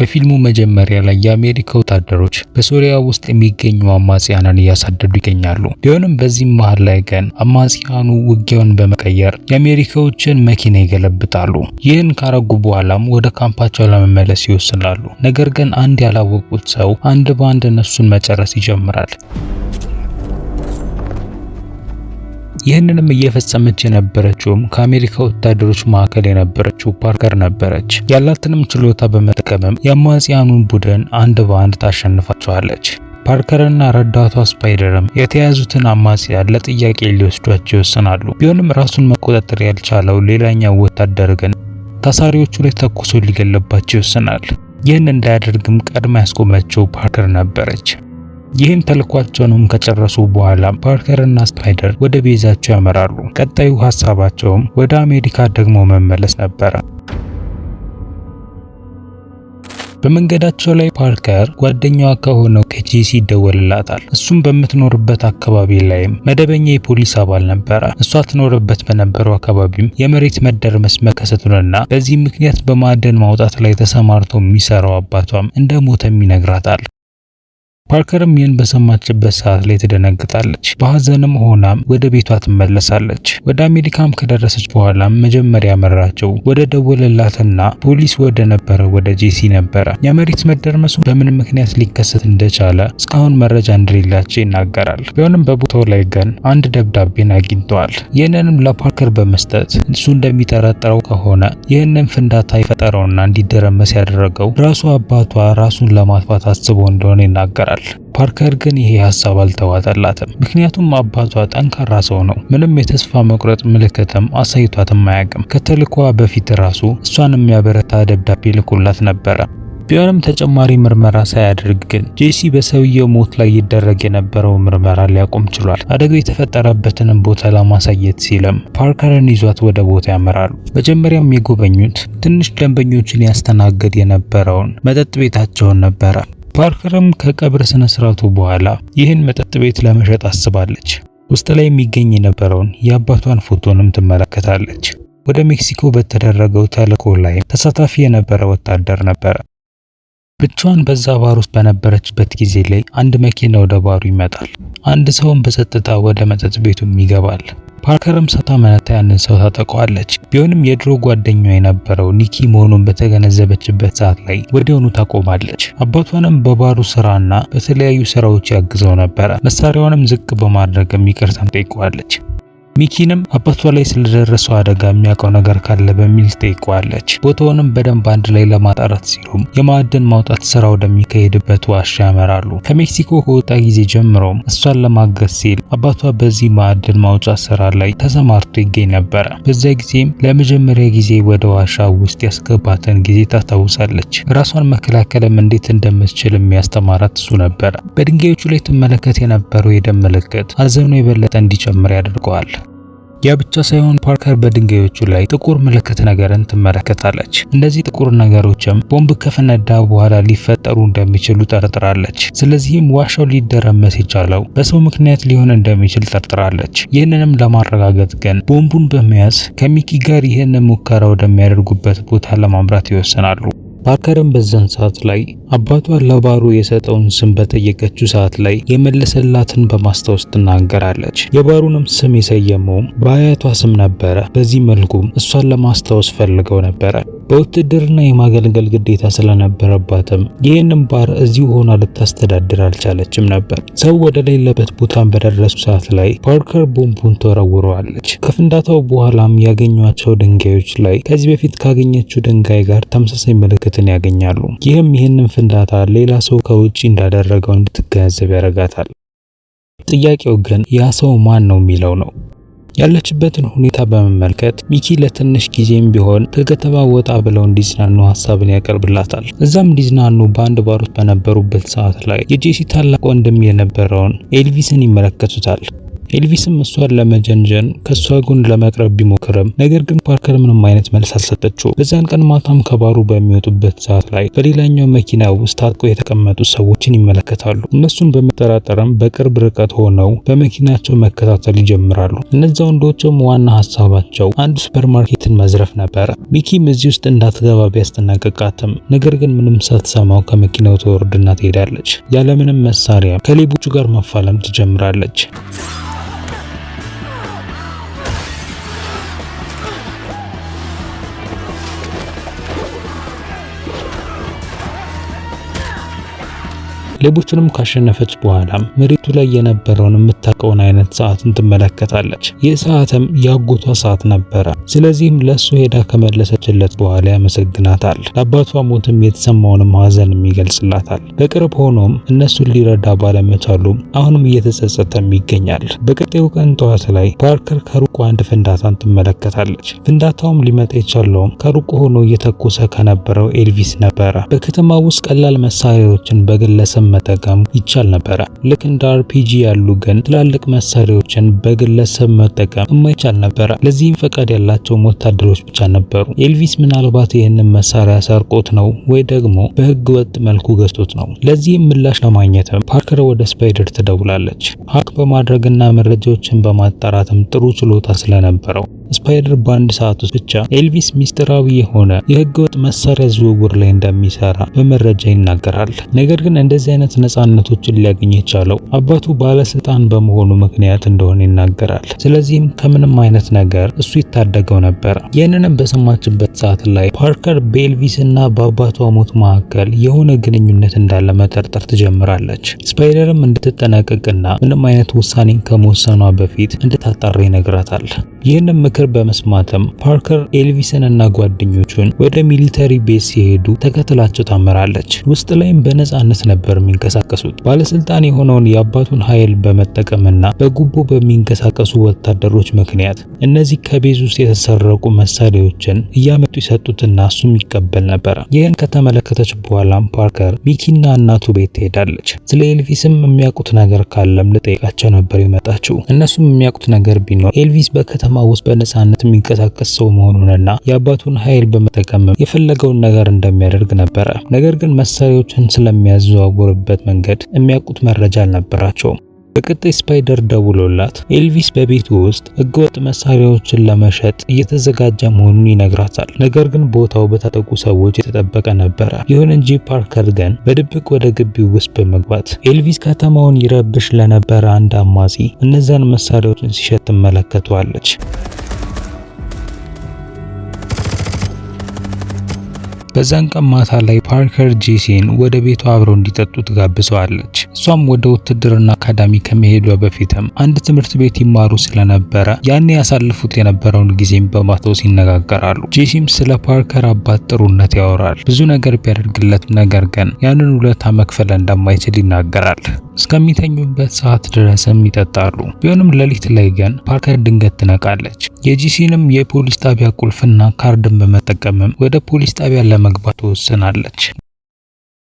በፊልሙ መጀመሪያ ላይ የአሜሪካ ወታደሮች በሶሪያ ውስጥ የሚገኙ አማጽያንን እያሳደዱ ይገኛሉ። ቢሆንም በዚህም መሃል ላይ ግን አማጽያኑ ውጊያውን በመቀየር የአሜሪካዎችን መኪና ይገለብጣሉ። ይህን ካረጉ በኋላም ወደ ካምፓቸው ለመመለስ ይወስናሉ። ነገር ግን አንድ ያላወቁት ሰው አንድ በአንድ እነሱን መጨረስ ይጀምራል። ይህንንም እየፈጸመች የነበረችውም ከአሜሪካ ወታደሮች መካከል የነበረችው ፓርከር ነበረች። ያላትንም ችሎታ በመጠቀምም የአማጽያኑን ቡድን አንድ በአንድ ታሸንፋቸዋለች። ፓርከርና ረዳቷ ስፓይደርም የተያዙትን አማጽያን ለጥያቄ ሊወስዷቸው ይወስናሉ። ቢሆንም ራሱን መቆጣጠር ያልቻለው ሌላኛው ወታደር ግን ታሳሪዎቹ ላይ ተኩሶ ሊገለባቸው ይወስናል። ይህን እንዳያደርግም ቀድማ ያስቆመችው ፓርከር ነበረች። ይህን ተልኳቸውንም ከጨረሱ በኋላ ፓርከር እና ስፓይደር ወደ ቤዛቸው ያመራሉ። ቀጣዩ ሀሳባቸውም ወደ አሜሪካ ደግሞ መመለስ ነበረ። በመንገዳቸው ላይ ፓርከር ጓደኛዋ ከሆነው ከጄሲ ይደወልላታል። እሱም በምትኖርበት አካባቢ ላይም መደበኛ የፖሊስ አባል ነበረ። እሷ ትኖርበት በነበረው አካባቢም የመሬት መደርመስ መከሰቱንና በዚህ ምክንያት በማዕድን ማውጣት ላይ ተሰማርቶ የሚሰራው አባቷም እንደሞተም ይነግራታል። ፓርከርም ይህን በሰማችበት ሰዓት ላይ ትደነግጣለች። በሀዘንም ሆናም ወደ ቤቷ ትመለሳለች። ወደ አሜሪካም ከደረሰች በኋላ መጀመሪያ መራቸው ወደ ደወለላትና ፖሊስ ወደ ነበረ ወደ ጄሲ ነበረ። የመሬት መደርመሱ በምን ምክንያት ሊከሰት እንደቻለ እስካሁን መረጃ እንደሌላቸው ይናገራል። ቢሆንም በቦታው ላይ ግን አንድ ደብዳቤን አግኝተዋል። ይህንንም ለፓርከር በመስጠት እሱ እንደሚጠረጠረው ከሆነ ይህንን ፍንዳታ የፈጠረውና እንዲደረመስ ያደረገው ራሱ አባቷ ራሱን ለማጥፋት አስቦ እንደሆነ ይናገራል። ይሆናል። ፓርከር ግን ይሄ ሀሳብ አልተዋጠላትም። ምክንያቱም አባቷ ጠንካራ ሰው ነው። ምንም የተስፋ መቁረጥ ምልክትም አሳይቷትም አያውቅም። ከተልኳ በፊት ራሱ እሷን የሚያበረታ ደብዳቤ ልኮላት ነበረ። ቢሆንም ተጨማሪ ምርመራ ሳያደርግ ግን ጄሲ በሰውየው ሞት ላይ ይደረግ የነበረው ምርመራ ሊያቆም ችሏል። አደጋው የተፈጠረበትንም ቦታ ለማሳየት ሲልም ፓርከርን ይዟት ወደ ቦታ ያመራሉ። መጀመሪያም የጎበኙት ትንሽ ደንበኞችን ያስተናግድ የነበረውን መጠጥ ቤታቸውን ነበረ። ፓርከርም ከቀብር ስነ ስርዓቱ በኋላ ይህን መጠጥ ቤት ለመሸጥ አስባለች። ውስጥ ላይ የሚገኝ የነበረውን የአባቷን ፎቶንም ትመለከታለች። ወደ ሜክሲኮ በተደረገው ተልዕኮ ላይ ተሳታፊ የነበረ ወታደር ነበረ። ብቻዋን በዛ ባር ውስጥ በነበረችበት ጊዜ ላይ አንድ መኪና ወደ ባሩ ይመጣል። አንድ ሰውም በጸጥታ ወደ መጠጥ ቤቱም ይገባል። ፓርከርም ሰታ መነታ ያንን ሰው ታጠቀዋለች። ቢሆንም የድሮ ጓደኛ የነበረው ኒኪ መሆኑን በተገነዘበችበት ሰዓት ላይ ወዲያውኑ ታቆማለች። አባቷንም በባሩ ስራና በተለያዩ ስራዎች ያግዘው ነበረ። መሳሪያዋንም ዝቅ በማድረግ ይቅርታም ጠይቀዋለች። ሚኪንም አባቷ ላይ ስለደረሰው አደጋ የሚያውቀው ነገር ካለ በሚል ትጠይቀዋለች። ቦታውንም በደንብ አንድ ላይ ለማጣራት ሲሉም የማዕድን ማውጣት ስራ ወደሚካሄድበት ዋሻ ያመራሉ። ከሜክሲኮ ከወጣ ጊዜ ጀምሮም እሷን ለማገዝ ሲል አባቷ በዚህ ማዕድን ማውጫ ስራ ላይ ተሰማርቶ ይገኝ ነበረ። በዚያ ጊዜም ለመጀመሪያ ጊዜ ወደ ዋሻ ውስጥ ያስገባትን ጊዜ ታስታውሳለች። ራሷን መከላከልም እንዴት እንደምትችል የሚያስተማራት እሱ ነበረ። በድንጋዮቹ ላይ ትመለከት የነበረው የደም ምልክት አዘኑ የበለጠ እንዲጨምር ያደርገዋል። ያ ብቻ ሳይሆን ፓርከር በድንጋዮቹ ላይ ጥቁር ምልክት ነገርን ትመለከታለች። እነዚህ ጥቁር ነገሮችም ቦምብ ከፈነዳ በኋላ ሊፈጠሩ እንደሚችሉ ጠርጥራለች። ስለዚህም ዋሻው ሊደረመስ የቻለው በሰው ምክንያት ሊሆን እንደሚችል ጠርጥራለች። ይህንንም ለማረጋገጥ ግን ቦምቡን በመያዝ ከሚኪ ጋር ይህንን ሙከራ ወደሚያደርጉበት ቦታ ለማምራት ይወስናሉ። ፓርከርም በዛን ሰዓት ላይ አባቷ ለባሩ የሰጠውን ስም በጠየቀችው ሰዓት ላይ የመለሰላትን በማስታወስ ትናገራለች። የባሩንም ስም የሰየመውም በአያቷ ስም ነበረ። በዚህ መልኩም እሷን ለማስታወስ ፈልገው ነበረ። በውትድርና የማገልገል ግዴታ ስለነበረባትም ይህንም ባር እዚሁ ሆና ልታስተዳድር አልቻለችም ነበር። ሰው ወደ ሌለበት ቦታን በደረሱ ሰዓት ላይ ፓርከር ቦምቡን ተወረውረዋለች። ከፍንዳታው በኋላም ያገኟቸው ድንጋዮች ላይ ከዚህ በፊት ካገኘችው ድንጋይ ጋር ተመሳሳይ ምልክት ምልክትን ያገኛሉ። ይህም ይህንን ፍንዳታ ሌላ ሰው ከውጪ እንዳደረገው እንድትገነዘብ ያደርጋታል። ጥያቄው ግን ያ ሰው ማን ነው የሚለው ነው። ያለችበትን ሁኔታ በመመልከት ሚኪ ለትንሽ ጊዜም ቢሆን ከከተማ ወጣ ብለው እንዲዝናኑ ሀሳብን ያቀርብላታል። እዛም እንዲዝናኑ በአንድ ባር ውስጥ በነበሩበት ሰዓት ላይ የጄሲ ታላቅ ወንድም የነበረውን ኤልቪስን ይመለከቱታል። ኤልቪስም እሷን ለመጀንጀን ከእሷ ጎን ለመቅረብ ቢሞክርም ነገር ግን ፓርከር ምንም አይነት መልስ አልሰጠችው። በዚያን ቀን ማታም ከባሩ በሚወጡበት ሰዓት ላይ በሌላኛው መኪና ውስጥ ታጥቆ የተቀመጡ ሰዎችን ይመለከታሉ። እነሱን በመጠራጠርም በቅርብ ርቀት ሆነው በመኪናቸው መከታተል ይጀምራሉ። እነዚ ወንዶችም ዋና ሀሳባቸው አንድ ሱፐርማርኬትን መዝረፍ ነበር። ሚኪም እዚህ ውስጥ እንዳትገባ ቢያስጠናቀቃትም ነገር ግን ምንም ሳትሰማው ከመኪናው ተወርድና ትሄዳለች። ያለምንም መሳሪያ ከሌቦቹ ጋር መፋለም ትጀምራለች። ሌቦችንም ካሸነፈች በኋላ መሬቱ ላይ የነበረውን የምታውቀውን አይነት ሰዓትን ትመለከታለች። ይህ ሰዓትም ያጎቷ ሰዓት ነበረ። ስለዚህም ለእሱ ሄዳ ከመለሰችለት በኋላ ያመሰግናታል። ለአባቷ ሞትም የተሰማውንም ሀዘንም ይገልጽላታል። በቅርብ ሆኖም እነሱን ሊረዳ ባለመቻሉ አሁንም እየተጸጸተም ይገኛል። በቀጤው ቀን ጠዋት ላይ ፓርከር ከሩቁ አንድ ፍንዳታን ትመለከታለች። ፍንዳታውም ሊመጣ የቻለውም ከሩቁ ሆኖ እየተኮሰ ከነበረው ኤልቪስ ነበረ። በከተማ ውስጥ ቀላል መሳሪያዎችን በግለሰብ መጠቀም ይቻል ነበረ። ልክ እንደ አርፒጂ ያሉ ግን ትላልቅ መሳሪያዎችን በግለሰብ መጠቀም የማይቻል ነበረ። ለዚህም ፈቃድ ያላቸውም ወታደሮች ብቻ ነበሩ። ኤልቪስ ምናልባት ይህንን መሳሪያ ሰርቆት ነው ወይ ደግሞ በህገ ወጥ መልኩ ገዝቶት ነው። ለዚህም ምላሽ ለማግኘትም ፓርከር ወደ ስፓይደር ትደውላለች። ሀክ በማድረግና መረጃዎችን በማጣራትም ጥሩ ችሎታ ስለነበረው ስፓይደር በአንድ ሰዓት ውስጥ ብቻ ኤልቪስ ሚስጥራዊ የሆነ የህገወጥ መሳሪያ ዝውውር ላይ እንደሚሰራ በመረጃ ይናገራል። ነገር ግን እንደዚህ አይነት ነፃነቶችን ሊያገኝ የቻለው አባቱ ባለስልጣን በመሆኑ ምክንያት እንደሆነ ይናገራል። ስለዚህም ከምንም አይነት ነገር እሱ ይታደገው ነበር ይህንንም በሰማችበት ሰዓት ላይ ፓርከር በኤልቪስ እና በአባቷ ሞት መካከል የሆነ ግንኙነት እንዳለ መጠርጠር ትጀምራለች። ስፓይደርም እንድትጠነቀቅና ምንም አይነት ውሳኔን ከመወሰኗ በፊት እንድታጣራ ይነግራታል። ይህንን ምክር በመስማትም ፓርከር ኤልቪስን እና ጓደኞቹን ወደ ሚሊተሪ ቤት ሲሄዱ ተከትላቸው ታመራለች። ውስጥ ላይም በነፃነት ነበር የሚንቀሳቀሱት። ባለስልጣን የሆነውን የአባቱን ኃይል በመጠቀምና በጉቦ በሚንቀሳቀሱ ወታደሮች ምክንያት እነዚህ ከቤዝ ውስጥ የተሰረቁ መሳሪያዎችን እያመጡ ይሰጡትና እሱም ይቀበል ነበረ። ይህን ከተመለከተች በኋላም ፓርከር ሚኪና እናቱ ቤት ትሄዳለች። ስለ ኤልቪስም የሚያውቁት ነገር ካለም ልጠይቃቸው ነበር የመጣችው። እነሱም የሚያውቁት ነገር ቢኖር ኤልቪስ በከተማ በከተማ ውስጥ በነፃነት የሚንቀሳቀስ ሰው መሆኑንና የአባቱን ኃይል በመጠቀም የፈለገውን ነገር እንደሚያደርግ ነበረ። ነገር ግን መሳሪያዎችን ስለሚያዘዋውርበት መንገድ የሚያውቁት መረጃ አልነበራቸውም። በቀጣይ ስፓይደር ደውሎላት ኤልቪስ በቤቱ ውስጥ ህገወጥ መሳሪያዎችን ለመሸጥ እየተዘጋጀ መሆኑን ይነግራታል። ነገር ግን ቦታው በታጠቁ ሰዎች የተጠበቀ ነበረ። ይሁን እንጂ ፓርከር ግን በድብቅ ወደ ግቢው ውስጥ በመግባት ኤልቪስ ከተማውን ይረብሽ ለነበረ አንድ አማጺ እነዛን መሳሪያዎችን ሲሸጥ ትመለከተዋለች። በዛን ቀን ማታ ላይ ፓርከር ጄሲን ወደ ቤቷ አብረው እንዲጠጡ ትጋብዘዋለች። እሷም ወደ ውትድርና አካዳሚ ከመሄዷ በፊትም አንድ ትምህርት ቤት ይማሩ ስለነበረ ያኔ ያሳልፉት የነበረውን ጊዜም በማስታወስ ይነጋገራሉ። ጄሲም ስለ ፓርከር አባት ጥሩነት ያወራል። ብዙ ነገር ቢያደርግለት ነገር ግን ያንን ውለታ መክፈል እንደማይችል ይናገራል። እስከሚተኙበት ሰዓት ድረስም ይጠጣሉ። ቢሆንም ሌሊት ላይ ግን ፓርከር ድንገት ትነቃለች። የጂሲንም የፖሊስ ጣቢያ ቁልፍና ካርድን በመጠቀምም ወደ ፖሊስ ጣቢያ ለመግባት ትወስናለች።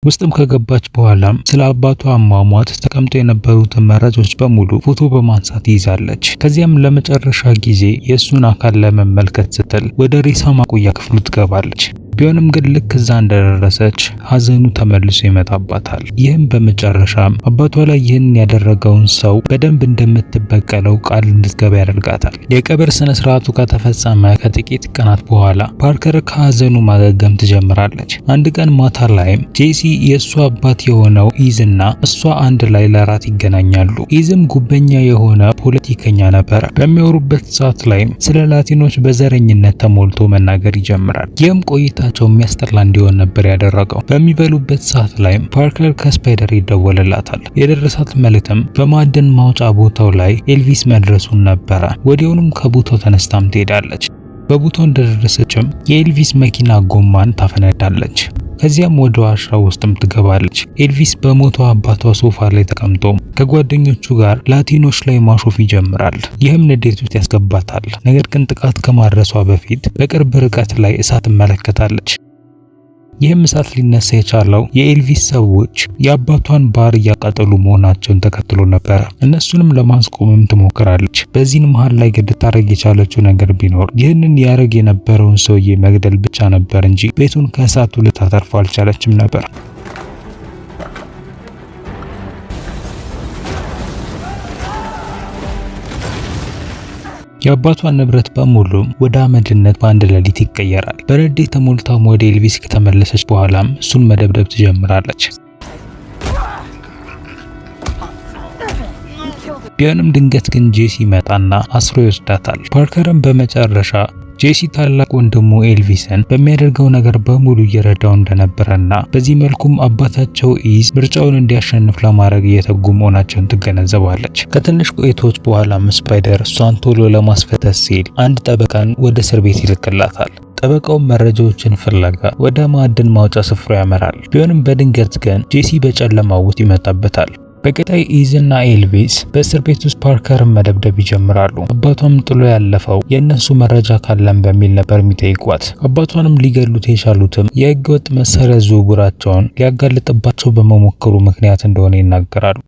ውስጥም ከገባች በኋላም ስለ አባቷ አሟሟት ተቀምጦ የነበሩትን መረጃዎች በሙሉ ፎቶ በማንሳት ይዛለች። ከዚያም ለመጨረሻ ጊዜ የእሱን አካል ለመመልከት ስትል ወደ ሬሳ ማቆያ ክፍሉ ትገባለች። ቢሆንም ግን ልክ እዛ እንደደረሰች ሀዘኑ ተመልሶ ይመጣባታል። ይህም በመጨረሻም አባቷ ላይ ይህን ያደረገውን ሰው በደንብ እንደምትበቀለው ቃል እንድትገባ ያደርጋታል። የቀብር ስነ ስርዓቱ ከተፈጸመ ከጥቂት ቀናት በኋላ ፓርከር ከሀዘኑ ማገገም ትጀምራለች። አንድ ቀን ማታ ላይም ጄሲ የእሷ አባት የሆነው ኢዝና እሷ አንድ ላይ ለራት ይገናኛሉ። ኢዝም ጉበኛ የሆነ ፖለቲከኛ ነበረ። በሚወሩበት ሰዓት ላይም ስለ ላቲኖች በዘረኝነት ተሞልቶ መናገር ይጀምራል። ይህም ቆይታ ህይወታቸው የሚያስጠላ እንዲሆን ነበር ያደረገው። በሚበሉበት ሰዓት ላይ ፓርከር ከስፓይደር ይደወልላታል። የደረሳት መልእክትም በማዕድን ማውጫ ቦታው ላይ ኤልቪስ መድረሱን ነበረ። ወዲያውኑም ከቦታው ተነስታም ትሄዳለች። በቦታው እንደደረሰችም የኤልቪስ መኪና ጎማን ታፈነዳለች። ከዚያም ወደ ዋሻ ውስጥም ትገባለች። ኤልቪስ በሞተው አባቷ ሶፋ ላይ ተቀምጦ ከጓደኞቹ ጋር ላቲኖች ላይ ማሾፍ ይጀምራል። ይህም ንዴት ውስጥ ያስገባታል። ነገር ግን ጥቃት ከማድረሷ በፊት በቅርብ ርቀት ላይ እሳት ትመለከታለች። ይህም እሳት ሊነሳ የቻለው የኤልቪስ ሰዎች የአባቷን ባር እያቃጠሉ መሆናቸውን ተከትሎ ነበረ። እነሱንም ለማስቆምም ትሞክራለች። በዚህን መሀል ላይ ልታረግ የቻለችው ነገር ቢኖር ይህንን ያደረግ የነበረውን ሰውዬ መግደል ብቻ ነበር እንጂ ቤቱን ከእሳቱ ልታተርፈው አልቻለችም ነበር። የአባቷን ንብረት በሙሉ ወደ አመድነት በአንድ ሌሊት ይቀየራል። በንዴት ተሞልታ ወደ ኤልቪስ ከተመለሰች በኋላም እሱን መደብደብ ትጀምራለች። ቢሆንም ድንገት ግን ጄሲ ይመጣና አስሮ ይወስዳታል። ፓርከርም በመጨረሻ ጄሲ ታላቅ ወንድሙ ኤልቪስን በሚያደርገው ነገር በሙሉ እየረዳው እንደነበረና በዚህ መልኩም አባታቸው ኢዝ ምርጫውን እንዲያሸንፍ ለማድረግ እየተጉ መሆናቸውን ትገነዘባለች። ከትንሽ ቆይታዎች በኋላም ስፓይደር እሷን ቶሎ ለማስፈተት ሲል አንድ ጠበቃን ወደ እስር ቤት ይልክላታል። ጠበቃው መረጃዎችን ፍለጋ ወደ ማዕድን ማውጫ ስፍራ ያመራል። ቢሆንም በድንገት ግን ጄሲ በጨለማ ውስጥ ይመጣበታል። በቀጣይ ኢዝና ኤልቪስ በእስር ቤት ውስጥ ፓርከርን መደብደብ ይጀምራሉ። አባቷም ጥሎ ያለፈው የእነሱ መረጃ ካለን በሚል ነበር የሚጠይቋት። አባቷንም ሊገሉት የቻሉትም የህገወጥ መሳሪያ ዝውውራቸውን ሊያጋልጥባቸው በመሞከሩ ምክንያት እንደሆነ ይናገራሉ።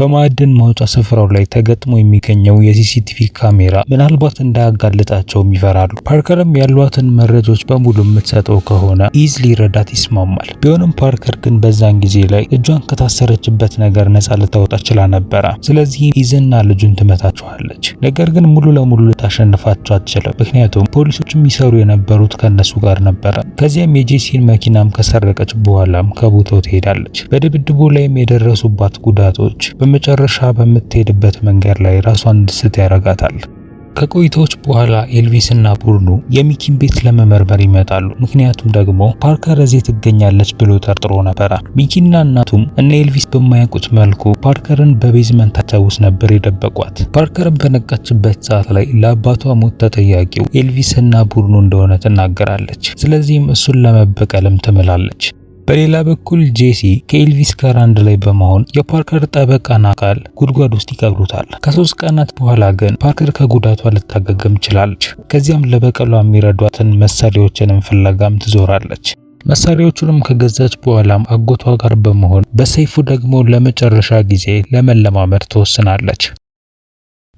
በማዕድን ማውጫ ስፍራው ላይ ተገጥሞ የሚገኘው የሲሲቲቪ ካሜራ ምናልባት እንዳያጋልጣቸውም ይፈራሉ። ፓርከርም ያሏትን መረጃዎች በሙሉ የምትሰጠው ከሆነ ኢዝ ሊረዳት ይስማማል። ቢሆንም ፓርከር ግን በዛን ጊዜ ላይ እጇን ከታሰረችበት ነገር ነፃ ልታወጣ ችላ ነበረ። ስለዚህ ኢዝና ልጁን ትመታችኋለች። ነገር ግን ሙሉ ለሙሉ ልታሸንፋቸው አትችልም። ምክንያቱም ፖሊሶች የሚሰሩ የነበሩት ከእነሱ ጋር ነበረ። ከዚያም የጄሲን መኪናም ከሰረቀች በኋላም ከቦታው ትሄዳለች። በድብድቡ ላይም የደረሱባት ጉዳቶች በመጨረሻ በምትሄድበት መንገድ ላይ ራሷን ድስት ያረጋታል። ከቆይታዎች በኋላ ኤልቪስና ቡርኑ የሚኪን ቤት ለመመርመር ይመጣሉ። ምክንያቱም ደግሞ ፓርከር እዚህ ትገኛለች ብሎ ጠርጥሮ ነበረ። ሚኪና እናቱም እነ ኤልቪስ በማያውቁት መልኩ ፓርከርን በቤዝመንታቸው ውስጥ ነበር የደበቋት። ፓርከርን በነቃችበት ሰዓት ላይ ለአባቷ ሞት ተጠያቂው ኤልቪስና ቡርኑ እንደሆነ ትናገራለች። ስለዚህም እሱን ለመበቀልም ትምላለች። በሌላ በኩል ጄሲ ከኤልቪስ ጋር አንድ ላይ በመሆን የፓርከር ጠበቃና አካል ጉድጓድ ውስጥ ይቀብሩታል። ከሶስት ቀናት በኋላ ግን ፓርከር ከጉዳቷ ልታገገም ችላለች። ከዚያም ለበቀሏ የሚረዷትን መሳሪያዎችንም ፍለጋም ትዞራለች። መሳሪያዎቹንም ከገዛች በኋላም አጎቷ ጋር በመሆን በሰይፉ ደግሞ ለመጨረሻ ጊዜ ለመለማመድ ትወስናለች።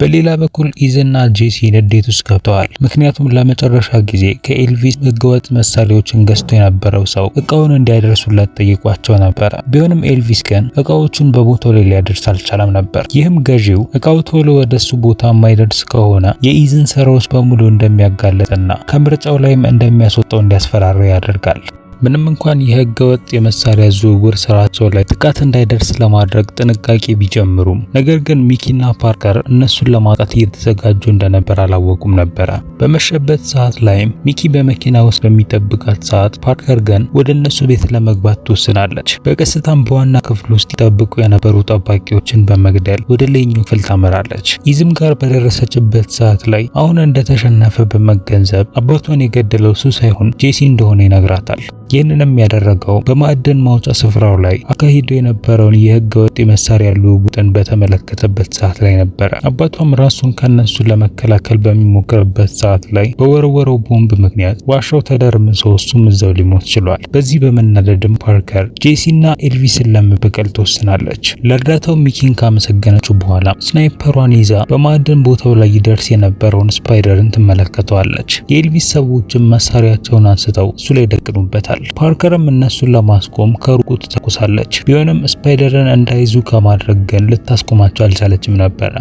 በሌላ በኩል ኢዝና ጄሲ ንዴት ውስጥ ገብተዋል። ምክንያቱም ለመጨረሻ ጊዜ ከኤልቪስ ህገወጥ መሳሪያዎችን ገዝቶ የነበረው ሰው እቃውን እንዲያደርሱለት ጠይቋቸው ነበረ። ቢሆንም ኤልቪስ ግን እቃዎቹን በቦታው ላይ ሊያደርስ አልቻለም ነበር። ይህም ገዢው እቃው ቶሎ ወደሱ ቦታ የማይደርስ ከሆነ የኢዝን ስራዎች በሙሉ እንደሚያጋለጥና ከምርጫው ላይም እንደሚያስወጣው እንዲያስፈራረው ያደርጋል። ምንም እንኳን የህገ ወጥ የመሳሪያ ዝውውር ስራቸው ላይ ጥቃት እንዳይደርስ ለማድረግ ጥንቃቄ ቢጀምሩም ነገር ግን ሚኪና ፓርከር እነሱን ለማጣት እየተዘጋጁ እንደነበር አላወቁም ነበረ። በመሸበት ሰዓት ላይም ሚኪ በመኪና ውስጥ በሚጠብቃት ሰዓት ፓርከር ግን ወደ እነሱ ቤት ለመግባት ትወስናለች። በቀስታም በዋና ክፍል ውስጥ ይጠብቁ የነበሩ ጠባቂዎችን በመግደል ወደ ሌላኛው ክፍል ታመራለች። ይዝም ጋር በደረሰችበት ሰዓት ላይ አሁን እንደተሸነፈ በመገንዘብ አባቷን የገደለው እሱ ሳይሆን ጄሲ እንደሆነ ይነግራታል። ይህንንም ያደረገው በማዕድን ማውጫ ስፍራው ላይ አካሂዶ የነበረውን የህገ ወጥ የመሳሪያ ልውውጥን በተመለከተበት ሰዓት ላይ ነበረ። አባቷም ራሱን ከነሱ ለመከላከል በሚሞክርበት ሰዓት ላይ በወረወረው ቦምብ ምክንያት ዋሻው ተደርምሶ እሱም እዛው ሊሞት ችሏል። በዚህ በመናደድም ፓርከር ጄሲና ኤልቪስን ለመበቀል ትወስናለች። ለእርዳታው ሚኪን ካመሰገነችው በኋላ ስናይፐሯን ይዛ በማዕድን ቦታው ላይ ይደርስ የነበረውን ስፓይደርን ትመለከተዋለች። የኤልቪስ ሰዎችም መሳሪያቸውን አንስተው እሱ ላይ ይደቅኑበታል። ይገባል። ፓርከርም እነሱን ለማስቆም ከሩቁ ትተኩሳለች። ቢሆንም ስፓይደርን እንዳይዙ ከማድረግ ግን ልታስቆማቸው አልቻለችም ነበረ።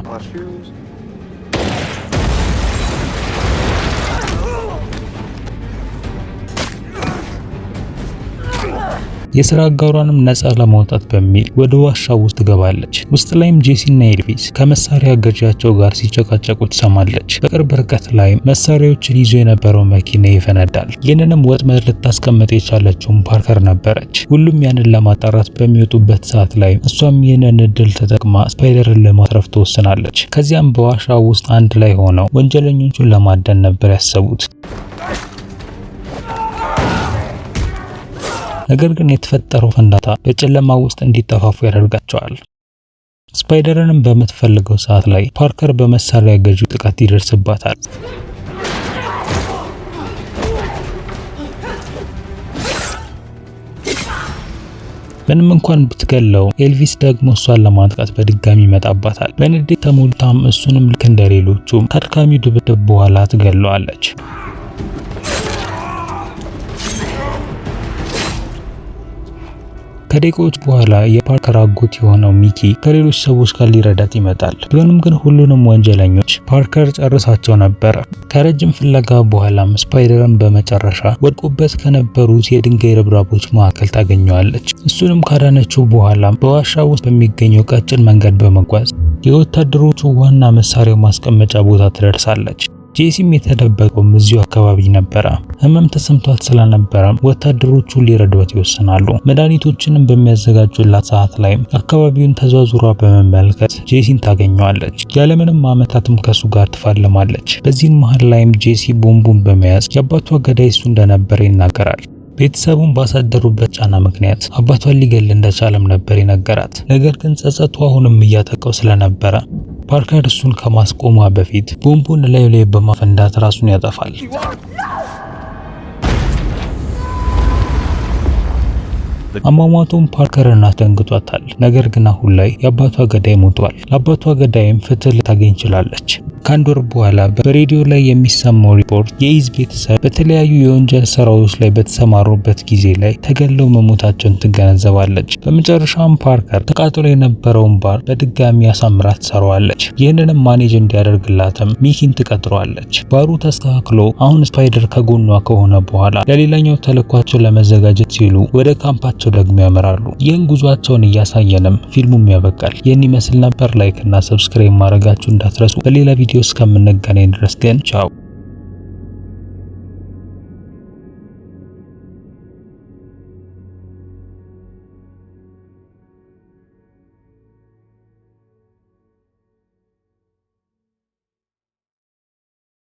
የስራ አጋሯንም ነፃ ለማውጣት በሚል ወደ ዋሻ ውስጥ ትገባለች። ውስጥ ላይም ጄሲና ኤልቪስ ከመሳሪያ ገዣቸው ጋር ሲጨቃጨቁ ትሰማለች። በቅርብ ርቀት ላይ መሳሪያዎችን ይዞ የነበረው መኪና ይፈነዳል። ይህንንም ወጥመድ ልታስቀምጥ የቻለችውን ፓርከር ነበረች። ሁሉም ያንን ለማጣራት በሚወጡበት ሰዓት ላይ እሷም ይህንን እድል ተጠቅማ ስፓይደርን ለማትረፍ ትወስናለች። ከዚያም በዋሻ ውስጥ አንድ ላይ ሆነው ወንጀለኞቹን ለማደን ነበር ያሰቡት። ነገር ግን የተፈጠረው ፍንዳታ በጨለማ ውስጥ እንዲጠፋፉ ያደርጋቸዋል። ስፓይደርንም በምትፈልገው ሰዓት ላይ ፓርከር በመሳሪያ ገዢ ጥቃት ይደርስባታል። ምንም እንኳን ብትገለው ኤልቪስ ደግሞ እሷን ለማጥቃት በድጋሚ ይመጣባታል። በንዴት ተሞልታም እሱንም ልክ እንደሌሎቹም ከአድካሚ ድብድብ በኋላ ትገለዋለች። ከደቂቃዎች በኋላ የፓርከር አጎት የሆነው ሚኪ ከሌሎች ሰዎች ጋር ሊረዳት ይመጣል። ቢሆንም ግን ሁሉንም ወንጀለኞች ፓርከር ጨርሳቸው ነበረ። ከረጅም ፍለጋ በኋላም ስፓይደርን በመጨረሻ ወድቆበት ከነበሩት የድንጋይ ርብራቦች መካከል ታገኘዋለች። እሱንም ካዳነችው በኋላም በዋሻ ውስጥ በሚገኘው ቀጭን መንገድ በመጓዝ የወታደሮቹ ዋና መሳሪያው ማስቀመጫ ቦታ ትደርሳለች። ጄሲም የተደበቀውም እዚሁ አካባቢ ነበረ። ህመም ተሰምቷት ስለነበረ ወታደሮቹ ሊረዷት ይወስናሉ። መድኃኒቶችንም በሚያዘጋጁላት ሰዓት ላይ አካባቢውን ተዟዙሯ በመመልከት ጄሲን ታገኘዋለች። ያለምንም ዓመታትም ከሱ ጋር ትፋለማለች። በዚህ መሀል ላይም ጄሲ ቦምቡን በመያዝ የአባቷ ገዳይ እሱ እንደነበረ ይናገራል። ቤተሰቡን ባሳደሩበት ጫና ምክንያት አባቷን ሊገል እንደቻለም ነበር የነገራት። ነገር ግን ጸጸቱ አሁንም እያጠቀው ስለነበረ ፓርከር እሱን ከማስቆሟ በፊት ቦምቡን ላዩ ላይ በማፈንዳት ራሱን ያጠፋል። አሟሟቱም ፓርከርን አስደንግጧታል። ነገር ግን አሁን ላይ የአባቷ ገዳይ ሞቷል። ለአባቷ ገዳይም ፍትህ ልታገኝ ችላለች። ከአንድ ወር በኋላ በሬዲዮ ላይ የሚሰማው ሪፖርት የኢዝ ቤተሰብ በተለያዩ የወንጀል ስራዎች ላይ በተሰማሩበት ጊዜ ላይ ተገለው መሞታቸውን ትገነዘባለች። በመጨረሻም ፓርከር ተቃጥሎ የነበረውን ባር በድጋሚ አሳምራ ትሰራዋለች። ይህንንም ማኔጅ እንዲያደርግላትም ሚኪን ትቀጥረዋለች። ባሩ ተስተካክሎ አሁን ስፓይደር ከጎኗ ከሆነ በኋላ ለሌላኛው ተልኳቸው ለመዘጋጀት ሲሉ ወደ ካምፓቸው ደግሞ ያመራሉ። ይህን ጉዟቸውን እያሳየንም ፊልሙም ያበቃል። ይህን ይመስል ነበር። ላይክ እና ሰብስክራይብ ማድረጋችሁ እንዳትረሱ። በሌላ ቪዲዮ እስከምንገናኝ ድረስ ግን ቻው።